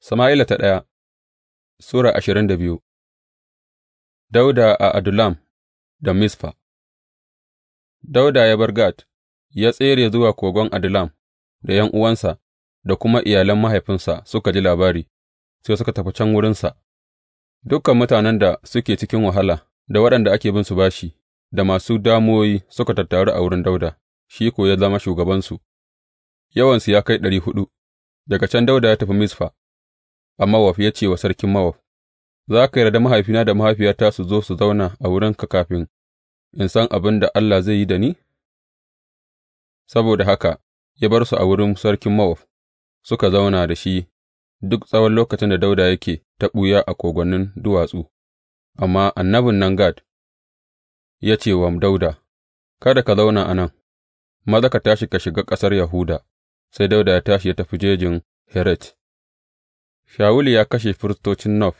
Sama'ila ta ɗaya Sura ashirin da biyu Dauda a Adulam da Misfa. Dauda ya bar Gad, ya tsere zuwa kogon Adulam da yan uwansa da kuma iyalan mahaifinsa suka ji labari, sai suka tafi can wurinsa, dukan mutanen da suke cikin wahala, da waɗanda ake bin su bashi, da masu damoyi suka tattaru a wurin Dauda, shi ko ya zama shugabansu, yawansu ya kai ɗari huɗu, daga can dauda ya tafi Misfa. a Mowab ya ce wa sarkin Mowab, Za ka yarda mahaifina da mahaifiyata su zo su zauna a wurinka kafin in san abin da Allah zai yi da ni? Saboda haka ya bar su a wurin sarkin Mowab, suka zauna da shi duk tsawon lokacin da Dauda yake ta ɓuya a kogonin duwatsu, amma annabin nan Gad ya ce wa Dauda, Kada ka zauna a nan, maza ka tashi ka shiga ƙasar Yahuda, sai Dauda ya tashi ya tafi jejin Heret. Shawulu ya kashe firistocin Nob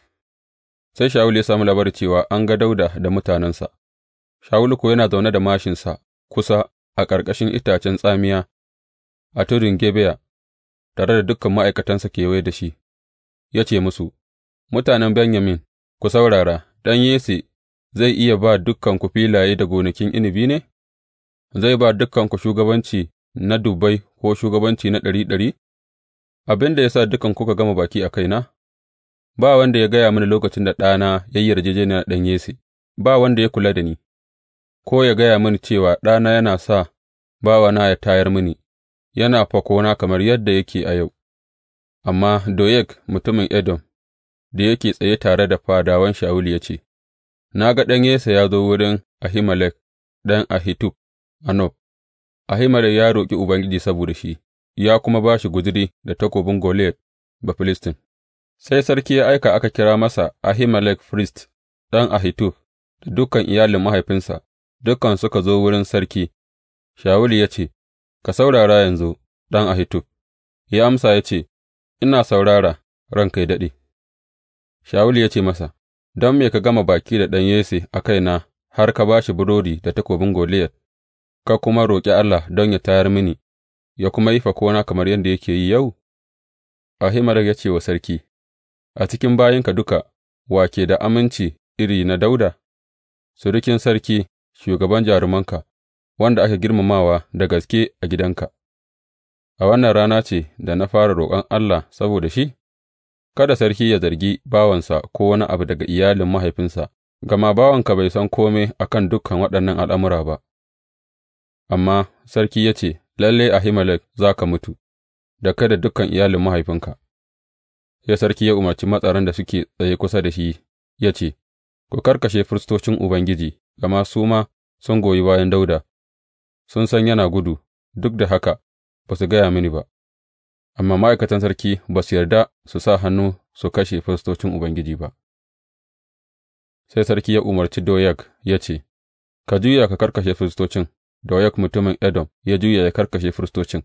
Sai Shawulu ya sami labari cewa an ga Dauda da mutanensa, Shawulu kuwa yana zaune da mashinsa kusa a ƙarƙashin itacen tsamiya a tudun Gebeya, tare da dukkan ma'aikatansa kewaye da shi, ya ce musu, Mutanen Benyamin, ku saurara, ɗan Yesse zai iya ba dukanku filaye da gonakin inibi ne? Zai ba dukanku shugabanci na dubbai ko shugabanci na ɗari ɗari? abin da ya sa dukan kuka gama baki a kaina? Ba wanda ya gaya mini lokacin da ɗana ya yi yarjejeniya da ɗan Yesse, ba wanda ya kula da ni, ko ya gaya mini cewa ɗana yana sa bawana ya tayar mini, yana fakona kamar yadda yake a yau. Amma Doyek mutumin Edom, da yake tsaye tare da fadawan Shawulu ya ce, Na ga ɗan Yesse ya zo wurin Ahimelek ɗan Ahitub a Nob, ya roƙi Ubangiji saboda shi. ya kuma ba shi guzuri da takobin Goliyat Bafilistin, sai sarki ya aika aka kira masa Ahimelek firist ɗan Ahitub da dukan iyalin mahaifinsa, dukan suka zo wurin sarki, Shawulu ya ce, Ka saurara yanzu, ɗan Ahitub, ya amsa ya ce, Ina saurara, ran kai daɗe. Shawulu ya ce masa, Don me ka gama baki da ɗan Yesse a kaina har ka ba shi burodi da takobin Goliyat, ka kuma roƙi Allah don ya tayar mini ya kuma yi fakona kamar yadda yake yi yau? Ahimelek ya ce wa sarki, A cikin bayinka duka, wa ke da aminci iri na Dauda, surukin sarki, shugaban jarumanka, wanda aka girmamawa da gaske a gidanka, a wannan rana ce da na fara roƙon Allah saboda shi? Kada sarki ya zargi bawansa ko wani abu daga iyalin mahaifinsa, gama bawanka bai san kome a kan dukan waɗannan al'amura ba. Amma sarki ya ce, Lalle, Ahimelek, za ka mutu, da kai da dukan iyalin mahaifinka. Sai sarki ya umarci matsaran da suke tsaye kusa da shi ya ce, Ku karkashe firistocin Ubangiji, gama su ma sun goyi bayan Dauda. sun san yana gudu, duk da haka ba su gaya mini ba. Amma ma'aikatan sarki ba su yarda su sa hannu su kashe firistocin Ubangiji ba. Sai sarki ya umarci Doyag ya ce, Ka juya ka karkashe firistocin, Doyeg mutumin Edom ya juya ya karkashe firistocin,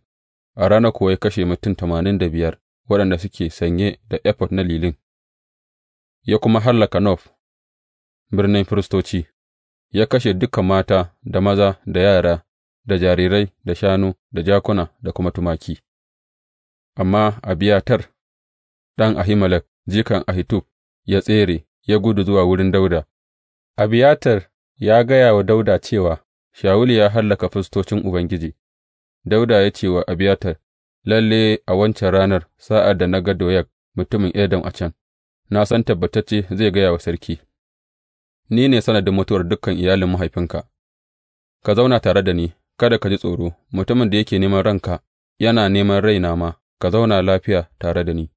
a ranar kuwa ya kashe mutum tamanin da biyar waɗanda suke sanye da efod na lilin, ya kuma hallaka Nof, birnin firistoci, ya kashe dukan mata da maza da yara da jarirai da shanu da jakuna da kuma tumaki. Amma Abiyatar, ɗan Ahimelek, jikan Ahitub, ya tsere, ya gudu zuwa wurin dauda Abiyatar ya gaya wa Dauda cewa, Shawulu ya hallaka firistocin Ubangiji Dauda ya ce wa Abiyatar, Lalle, a wancan ranar, sa'ad da na ga Doyak mutumin Edom a can, na san tabbatacce zai gaya wa sarki, Ni ne sanadin mutuwar dukan iyalin mahaifinka, ka zauna tare da ni, kada ka ji tsoro, mutumin da yake neman ranka yana neman raina ma, ka zauna lafiya tare da ni.